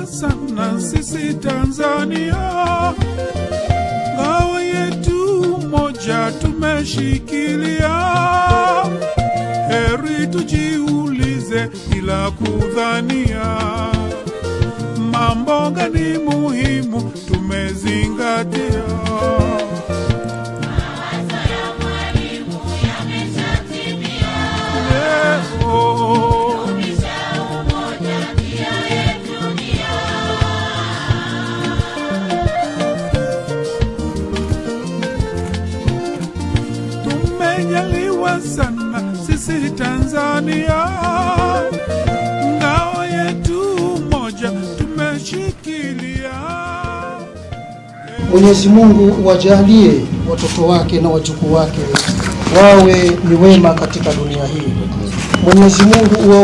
kubwa sana sisi Tanzania, ngao yetu moja tumeshikilia. Heri tujiulize bila kudhania, mambo gani tumejaliwa sana sisi Tanzania, ngao yetu moja tumeshikilia. Mwenyezi Mungu wajalie watoto wake na wajukuu wake wawe ni wema katika dunia hii. Mwenyezi Mungu